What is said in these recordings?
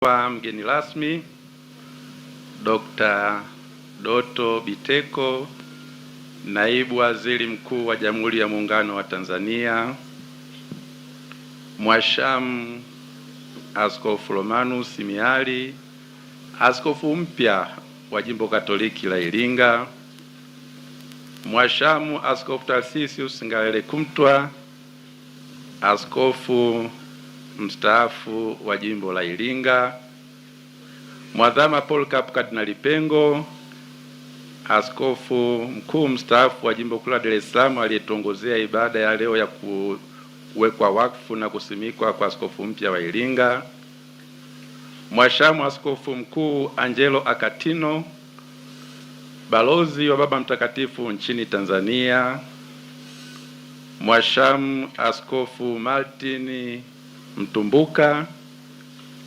Kwa mgeni rasmi Dr. Doto Biteko, naibu waziri mkuu wa Jamhuri ya Muungano wa Tanzania, Mwashamu Askofu Romanus Mihali, askofu mpya wa Jimbo Katoliki la Iringa, Mwashamu Askofu Tarsisius Ngalale Kumtwa, askofu mstaafu wa jimbo la Iringa, Mwadhama Paul Cap Kardinali Pengo, askofu mkuu mstaafu wa jimbo kuu la Dar es Salaam aliyetongozea ibada ya leo ya kuwekwa wakfu na kusimikwa kwa askofu mpya wa Iringa, Mwashamu Askofu Mkuu Angelo Akatino, balozi wa Baba Mtakatifu nchini Tanzania, Mwashamu Askofu Martin Mtumbuka,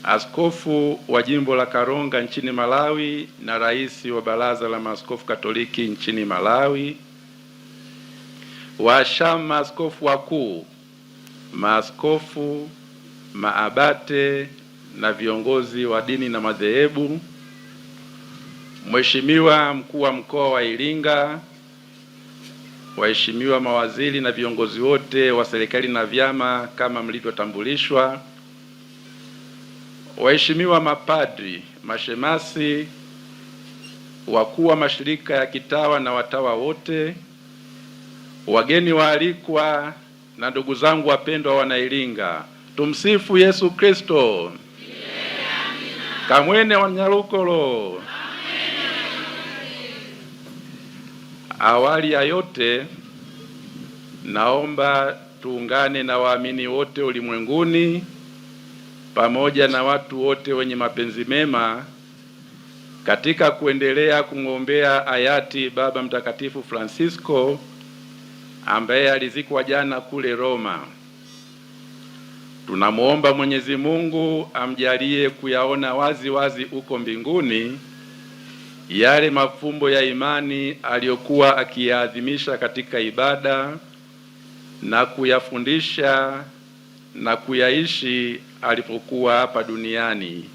askofu wa jimbo la Karonga nchini Malawi na rais wa Baraza la Maaskofu Katoliki nchini Malawi, washamu maaskofu wakuu, maaskofu, maabate na viongozi wa dini na madhehebu, Mheshimiwa mkuu wa mkoa wa Iringa waheshimiwa mawaziri na viongozi wote wa serikali na vyama kama mlivyotambulishwa, waheshimiwa mapadri, mashemasi, wakuu wa mashirika ya kitawa na watawa wote, wageni waalikwa na ndugu zangu wapendwa wanailinga tumsifu Yesu Kristo. kamwene wanyarukolo Awali ya yote, naomba tuungane na waamini wote ulimwenguni pamoja na watu wote wenye mapenzi mema katika kuendelea kung'ombea hayati Baba Mtakatifu Francisco ambaye alizikwa jana kule Roma. Tunamwomba Mwenyezi Mungu amjalie kuyaona wazi wazi huko mbinguni yale mafumbo ya imani aliyokuwa akiyaadhimisha katika ibada na kuyafundisha na kuyaishi alipokuwa hapa duniani,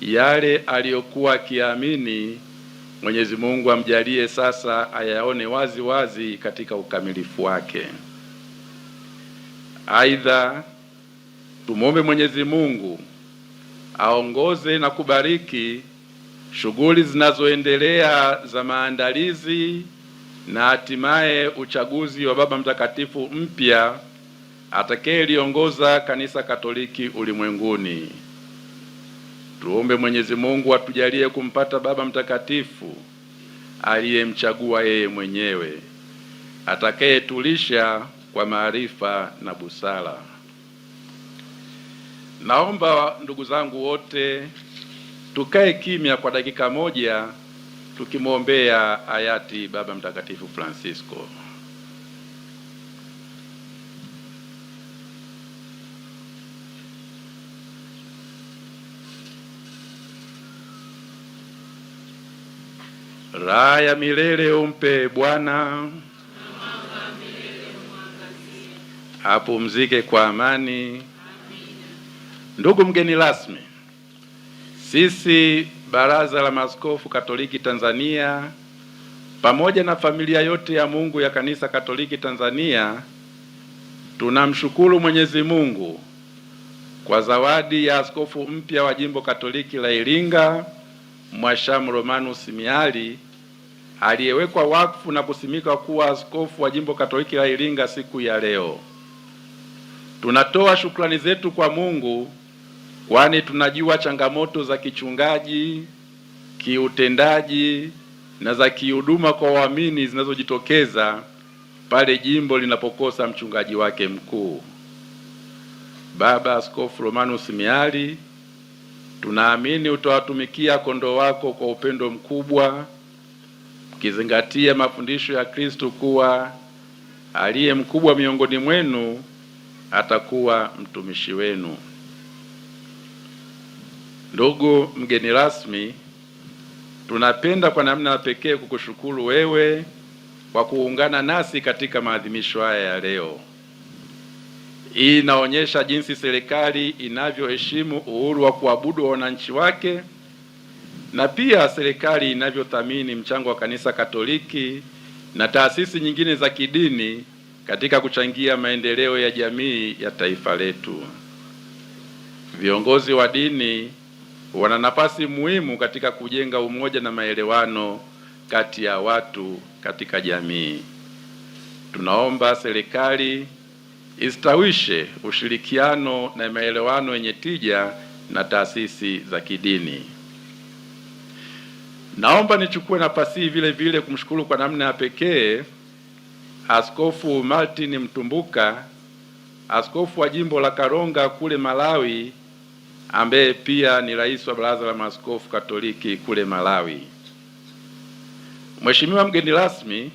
yale aliyokuwa akiamini Mwenyezi Mungu amjalie sasa ayaone wazi wazi katika ukamilifu wake. Aidha, tumwombe Mwenyezi Mungu aongoze na kubariki shughuli zinazoendelea za maandalizi na hatimaye uchaguzi wa Baba Mtakatifu mpya atakayeliongoza Kanisa Katoliki ulimwenguni. Tuombe Mwenyezi Mungu atujalie kumpata Baba Mtakatifu aliyemchagua yeye mwenyewe atakayetulisha kwa maarifa na busara. Naomba ndugu zangu wote tukae kimya kwa dakika moja tukimwombea hayati Baba Mtakatifu Francisco. Raha ya milele umpe Bwana, apumzike kwa amani. Amina. Ndugu mgeni rasmi sisi Baraza la Maaskofu Katoliki Tanzania pamoja na familia yote ya Mungu ya Kanisa Katoliki Tanzania tunamshukuru Mwenyezi Mungu kwa zawadi ya askofu mpya wa Jimbo Katoliki la Iringa Mhashamu Romanus simiali aliyewekwa wakfu na kusimika kuwa askofu wa Jimbo Katoliki la Iringa siku ya leo. Tunatoa shukrani zetu kwa Mungu kwani tunajua changamoto za kichungaji, kiutendaji na za kihuduma kwa waamini zinazojitokeza pale jimbo linapokosa mchungaji wake mkuu. Baba Askofu Romanus Mihali, tunaamini utawatumikia kondoo wako kwa upendo mkubwa, mkizingatia mafundisho ya Kristo kuwa aliye mkubwa miongoni mwenu atakuwa mtumishi wenu. Ndugu mgeni rasmi, tunapenda kwa namna ya pekee kukushukuru wewe kwa kuungana nasi katika maadhimisho haya ya leo. Hii inaonyesha jinsi serikali inavyoheshimu uhuru wa kuabudu wa wananchi wake na pia serikali inavyothamini mchango wa Kanisa Katoliki na taasisi nyingine za kidini katika kuchangia maendeleo ya jamii ya taifa letu. Viongozi wa dini wana nafasi muhimu katika kujenga umoja na maelewano kati ya watu katika jamii. Tunaomba serikali istawishe ushirikiano na maelewano yenye tija na taasisi za kidini. Naomba nichukue nafasi hii vile vile kumshukuru kwa namna ya pekee Askofu Martin Mtumbuka, askofu wa jimbo la Karonga kule Malawi ambaye pia ni rais wa Baraza la Maaskofu Katoliki kule Malawi. Mheshimiwa mgeni rasmi,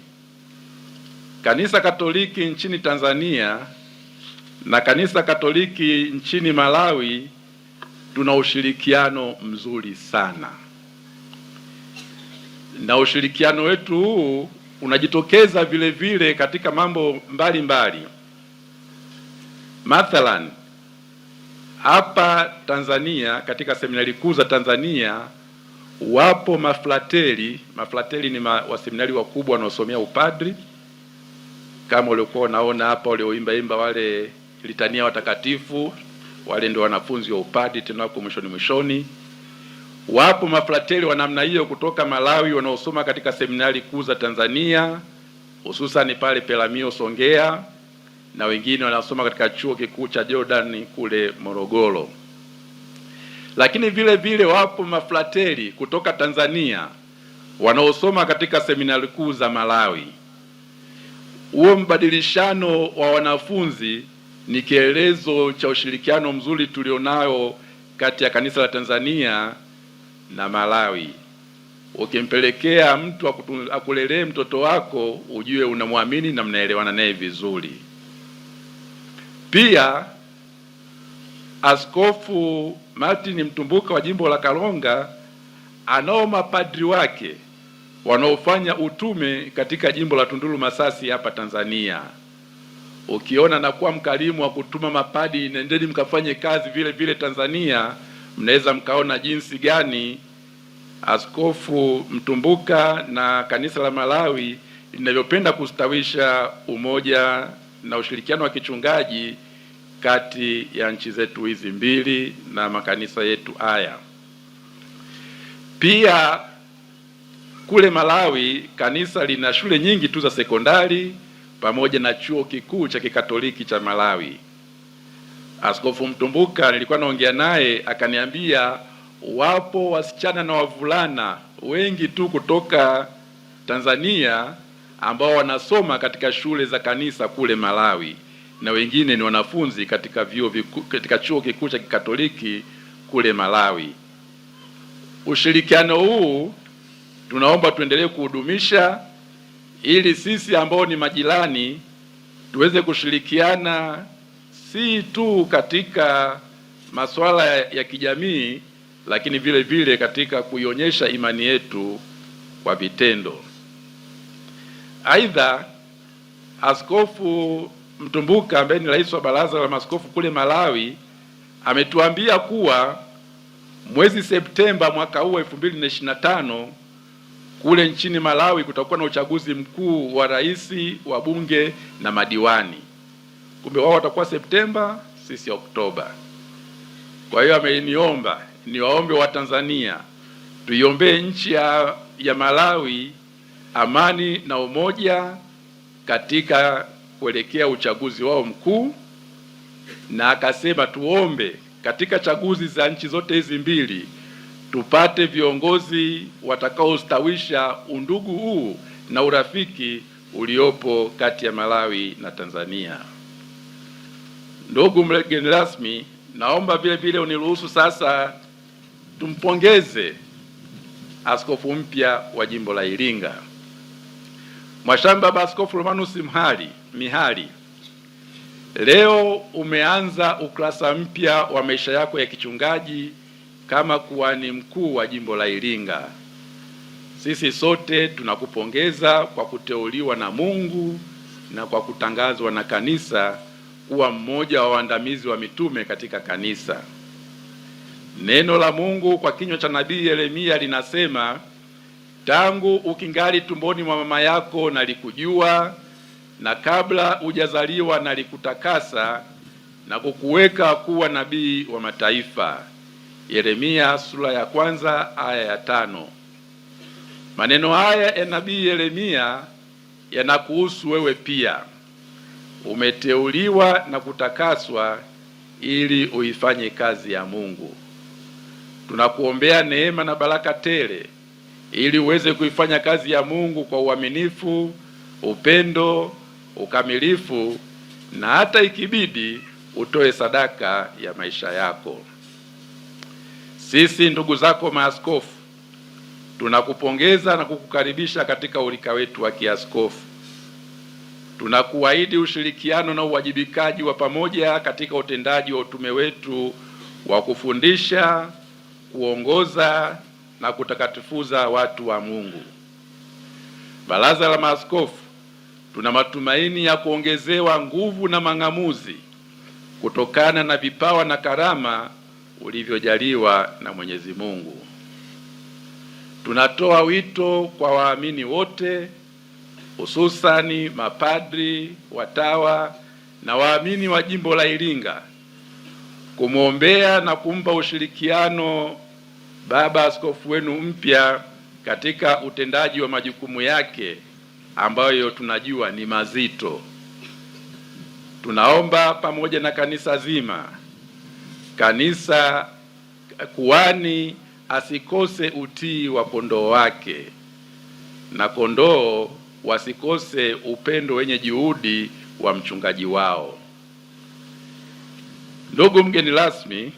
Kanisa Katoliki nchini Tanzania na Kanisa Katoliki nchini Malawi tuna ushirikiano mzuri sana, na ushirikiano wetu huu unajitokeza vile vile katika mambo mbalimbali. Mathalan, hapa Tanzania katika seminari kuu za Tanzania wapo maflateli. Maflateli ni ma, waseminari wakubwa wanaosomea upadri kama uliokuwa unaona hapa walioimba imba wale litania watakatifu wale ndio wanafunzi wa upadri tena wako mwishoni mwishoni. Wapo maflateli wa namna hiyo kutoka Malawi wanaosoma katika seminari kuu za Tanzania hususan pale Pelamio Songea na wengine wanasoma katika chuo kikuu cha Jordan kule Morogoro. Lakini vile vile wapo mafrateli kutoka Tanzania wanaosoma katika seminari kuu za Malawi. Huo mbadilishano wa wanafunzi ni kielezo cha ushirikiano mzuri tulionao kati ya kanisa la Tanzania na Malawi. Ukimpelekea mtu akulelee mtoto wako, ujue unamwamini na mnaelewana naye vizuri. Pia Askofu Martin Mtumbuka wa jimbo la Karonga anao mapadri wake wanaofanya utume katika jimbo la Tunduru Masasi hapa Tanzania. Ukiona na kuwa mkarimu wa kutuma mapadi, nendeni mkafanye kazi vile vile Tanzania, mnaweza mkaona jinsi gani Askofu Mtumbuka na kanisa la Malawi linavyopenda kustawisha umoja na ushirikiano wa kichungaji kati ya nchi zetu hizi mbili na makanisa yetu haya. Pia kule Malawi kanisa lina shule nyingi tu za sekondari pamoja na chuo kikuu cha Kikatoliki cha Malawi. Askofu Mtumbuka nilikuwa naongea naye akaniambia wapo wasichana na wavulana wengi tu kutoka Tanzania ambao wanasoma katika shule za kanisa kule Malawi na wengine ni wanafunzi katika vyuo viku, katika chuo kikuu cha Kikatoliki kule Malawi. Ushirikiano huu tunaomba tuendelee kuhudumisha ili sisi ambao ni majirani tuweze kushirikiana si tu katika masuala ya kijamii, lakini vile vile katika kuionyesha imani yetu kwa vitendo. Aidha, Askofu Mtumbuka ambaye ni rais wa baraza la maskofu kule Malawi ametuambia kuwa mwezi Septemba mwaka huu tano kule nchini Malawi kutakuwa na uchaguzi mkuu wa rais, wa bunge na madiwani. Kumbe wao watakuwa Septemba, sisi Oktoba. Kwa hiyo ameniomba niwaombe Watanzania tuiombee nchi ya, ya Malawi amani na umoja katika kuelekea uchaguzi wao mkuu, na akasema tuombe katika chaguzi za nchi zote hizi mbili tupate viongozi watakaostawisha undugu huu na urafiki uliopo kati ya Malawi na Tanzania. Ndugu mgeni rasmi, naomba vile vile uniruhusu sasa tumpongeze askofu mpya wa jimbo la Iringa Mwashamu Baba Askofu Romanus Mhali Mihali, leo umeanza ukurasa mpya wa maisha yako ya kichungaji kama kuhani mkuu wa jimbo la Iringa. Sisi sote tunakupongeza kwa kuteuliwa na Mungu na kwa kutangazwa na kanisa kuwa mmoja wa waandamizi wa mitume katika kanisa. Neno la Mungu kwa kinywa cha nabii Yeremia linasema Tangu ukingali tumboni mwa mama yako nalikujua, na kabla hujazaliwa nalikutakasa na kukuweka kuwa nabii wa mataifa. Yeremia sura ya kwanza aya ya tano. Maneno haya ya nabii Yeremia yanakuhusu wewe pia. Umeteuliwa na kutakaswa ili uifanye kazi ya Mungu. Tunakuombea neema na baraka tele ili uweze kuifanya kazi ya Mungu kwa uaminifu, upendo, ukamilifu na hata ikibidi utoe sadaka ya maisha yako. Sisi ndugu zako maaskofu tunakupongeza na kukukaribisha katika urika wetu wa kiaskofu. Tunakuahidi ushirikiano na uwajibikaji wa pamoja katika utendaji wa utume wetu wa kufundisha, kuongoza na kutakatifuza watu wa Mungu. Baraza la Maaskofu, tuna matumaini ya kuongezewa nguvu na mang'amuzi kutokana na vipawa na karama ulivyojaliwa na Mwenyezi Mungu. Tunatoa wito kwa waamini wote hususani mapadri, watawa na waamini wa jimbo la Iringa kumwombea na kumpa ushirikiano baba askofu wenu mpya katika utendaji wa majukumu yake ambayo tunajua ni mazito. Tunaomba pamoja na kanisa zima, kanisa kuani asikose utii wa kondoo wake na kondoo wasikose upendo wenye juhudi wa mchungaji wao. Ndugu mgeni rasmi,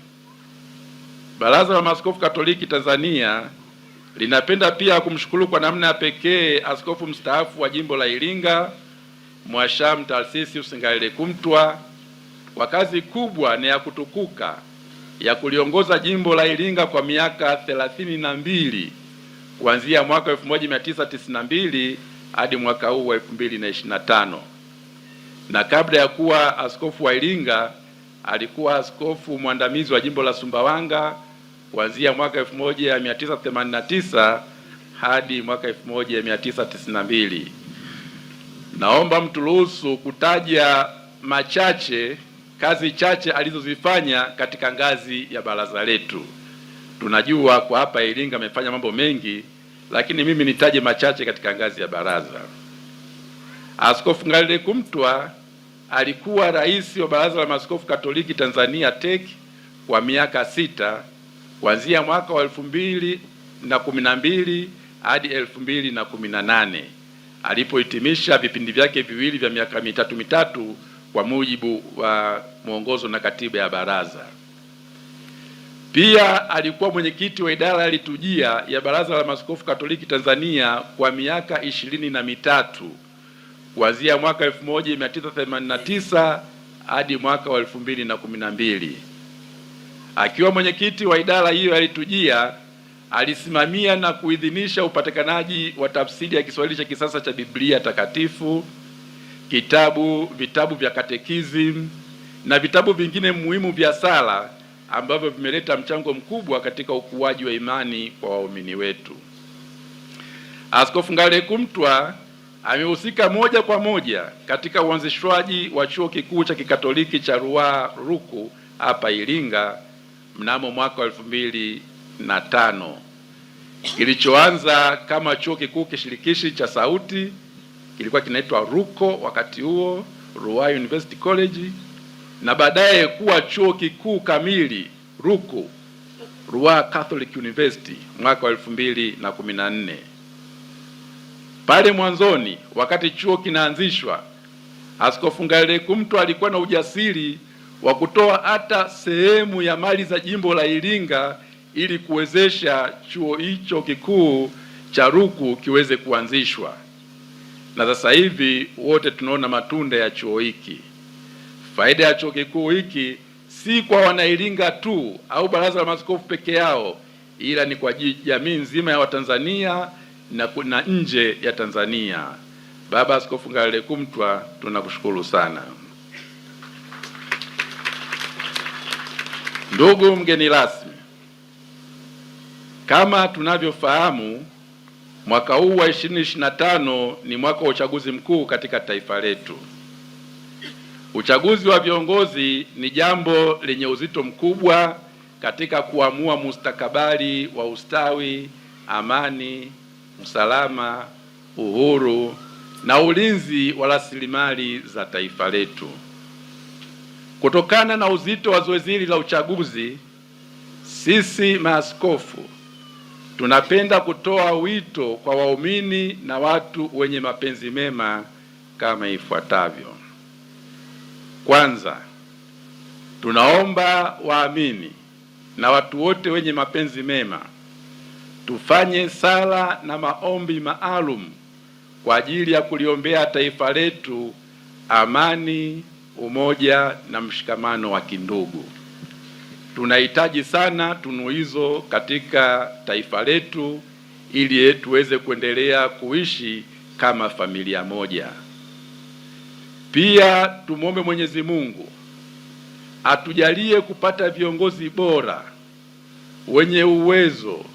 Baraza la Maaskofu Katoliki Tanzania linapenda pia kumshukuru kwa namna ya pekee askofu mstaafu wa jimbo la Iringa Mwasham Tarsisius usingaile Kumtwa kwa kazi kubwa na ya kutukuka ya kuliongoza jimbo la Iringa kwa miaka thelathini na mbili kuanzia mwaka 1992 hadi mwaka huu wa 2025. Na kabla ya kuwa askofu wa Iringa alikuwa askofu mwandamizi wa jimbo la Sumbawanga kuanzia mwaka 1989 hadi mwaka 1992. Naomba mturuhusu kutaja machache kazi chache alizozifanya katika ngazi ya baraza letu. Tunajua kwa hapa Iringa amefanya mambo mengi, lakini mimi nitaje machache katika ngazi ya baraza. Askofu Ngalile Kumtwa alikuwa rais wa Baraza la Maaskofu Katoliki Tanzania TEC kwa miaka sita kuanzia mwaka wa elfu mbili na kumi na mbili hadi elfu mbili na kumi na nane alipohitimisha vipindi vyake viwili vya miaka mitatu mitatu kwa mujibu wa mwongozo na katiba ya baraza. Pia alikuwa mwenyekiti wa idara ya litujia ya Baraza la Maaskofu Katoliki Tanzania kwa miaka ishirini na mitatu kuanzia mwaka 1989 hadi mwaka wa mbili. Akiwa mwenyekiti wa idara hiyo alitujia, alisimamia na kuidhinisha upatikanaji wa tafsiri ya Kiswahili cha kisasa cha Biblia Takatifu, kitabu vitabu vya katekizi na vitabu vingine muhimu vya sala ambavyo vimeleta mchango mkubwa katika ukuaji wa imani kwa waumini wetu. Askofu Kumtwa amehusika moja kwa moja katika uanzishwaji wa chuo kikuu cha kikatoliki cha Ruaha ruku hapa Iringa mnamo mwaka wa elfu mbili na tano kilichoanza kama chuo kikuu kishirikishi cha sauti kilikuwa kinaitwa RUCO wakati huo, Ruai University College, na baadaye kuwa chuo kikuu kamili RUCO, Ruwa Catholic University mwaka wa elfu mbili na kumi na nne. Pale mwanzoni wakati chuo kinaanzishwa, Askofu Ngalale alikuwa na ujasiri wa kutoa hata sehemu ya mali za jimbo la Iringa ili kuwezesha chuo hicho kikuu cha Ruku kiweze kuanzishwa, na sasa hivi wote tunaona matunda ya chuo hiki. Faida ya chuo kikuu hiki si kwa wanairinga tu au baraza la maaskofu peke yao, ila ni kwa jamii nzima ya Watanzania na, na nje ya Tanzania. Baba Askofu ngale Kumtwa, tunakushukuru sana. Ndugu mgeni rasmi, kama tunavyofahamu, mwaka huu wa 2025 ni mwaka wa uchaguzi mkuu katika taifa letu. Uchaguzi wa viongozi ni jambo lenye uzito mkubwa katika kuamua mustakabali wa ustawi, amani, usalama, uhuru na ulinzi wa rasilimali za taifa letu. Kutokana na uzito wa zoezi hili la uchaguzi, sisi maaskofu tunapenda kutoa wito kwa waumini na watu wenye mapenzi mema kama ifuatavyo. Kwanza, tunaomba waamini na watu wote wenye mapenzi mema tufanye sala na maombi maalum kwa ajili ya kuliombea taifa letu amani umoja na mshikamano wa kindugu. Tunahitaji sana tunu hizo katika taifa letu ili tuweze kuendelea kuishi kama familia moja. Pia tumwombe Mwenyezi Mungu atujalie kupata viongozi bora wenye uwezo,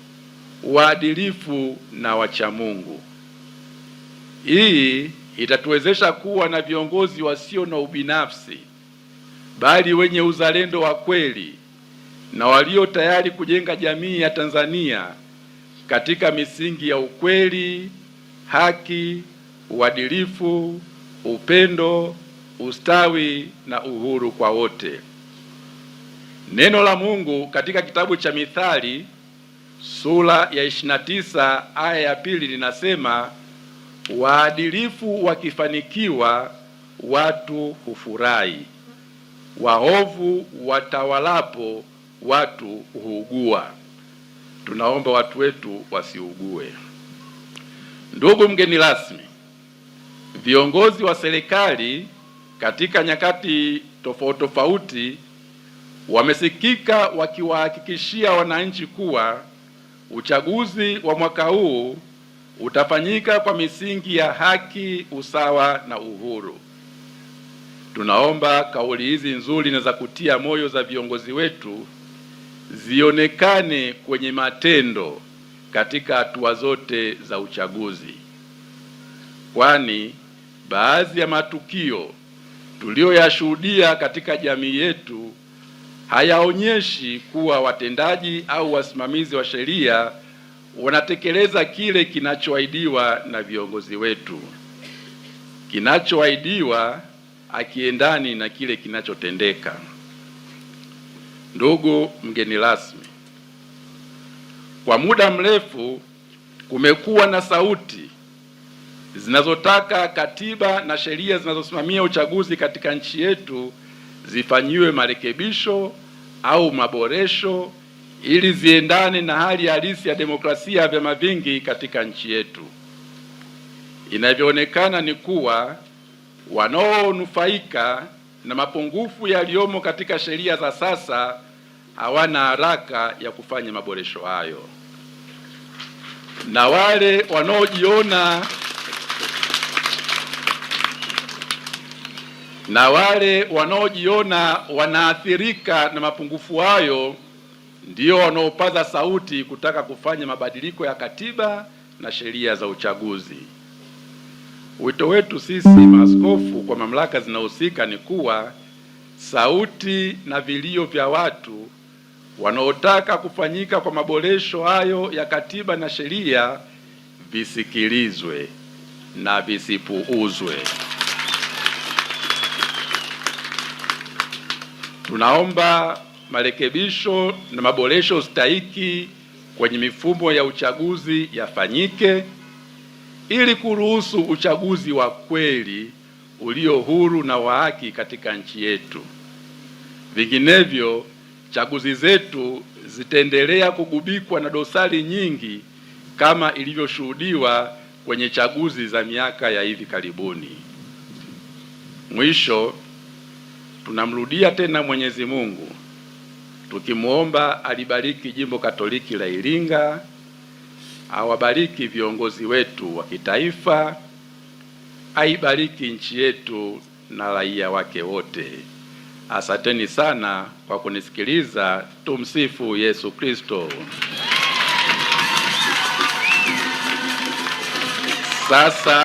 waadilifu na wachamungu Hii itatuwezesha kuwa na viongozi wasio na ubinafsi, bali wenye uzalendo wa kweli na walio tayari kujenga jamii ya Tanzania katika misingi ya ukweli, haki, uadilifu, upendo, ustawi na uhuru kwa wote. Neno la Mungu katika kitabu cha Mithali sura ya 29 aya ya pili linasema Waadilifu wakifanikiwa watu hufurahi, waovu watawalapo watu huugua. Tunaomba watu wetu wasiugue. Ndugu mgeni rasmi, viongozi wa serikali katika nyakati tofauti tofauti wamesikika wakiwahakikishia wananchi kuwa uchaguzi wa mwaka huu utafanyika kwa misingi ya haki, usawa na uhuru. Tunaomba kauli hizi nzuri na za kutia moyo za viongozi wetu zionekane kwenye matendo katika hatua zote za uchaguzi, kwani baadhi ya matukio tuliyoyashuhudia katika jamii yetu hayaonyeshi kuwa watendaji au wasimamizi wa sheria wanatekeleza kile kinachoahidiwa na viongozi wetu. Kinachoahidiwa akiendani na kile kinachotendeka. Ndugu mgeni rasmi, kwa muda mrefu kumekuwa na sauti zinazotaka katiba na sheria zinazosimamia uchaguzi katika nchi yetu zifanyiwe marekebisho au maboresho ili ziendane na hali halisi ya demokrasia ya vyama vingi katika nchi yetu. Inavyoonekana ni kuwa wanaonufaika na mapungufu yaliyomo katika sheria za sasa hawana haraka ya kufanya maboresho hayo, na wale wanaojiona na wale wanaojiona wanaathirika na mapungufu hayo ndio wanaopaza sauti kutaka kufanya mabadiliko ya katiba na sheria za uchaguzi. Wito wetu sisi maaskofu kwa mamlaka zinahusika ni kuwa sauti na vilio vya watu wanaotaka kufanyika kwa maboresho hayo ya katiba na sheria visikilizwe na visipuuzwe. Tunaomba marekebisho na maboresho stahiki kwenye mifumo ya uchaguzi yafanyike ili kuruhusu uchaguzi wa kweli ulio huru na wa haki katika nchi yetu. Vinginevyo, chaguzi zetu zitaendelea kugubikwa na dosari nyingi kama ilivyoshuhudiwa kwenye chaguzi za miaka ya hivi karibuni. Mwisho, tunamrudia tena Mwenyezi Mungu tukimwomba alibariki jimbo Katoliki la Iringa, awabariki viongozi wetu wa kitaifa, aibariki nchi yetu na raia wake wote. Asanteni sana kwa kunisikiliza. Tumsifu Yesu Kristo. Sasa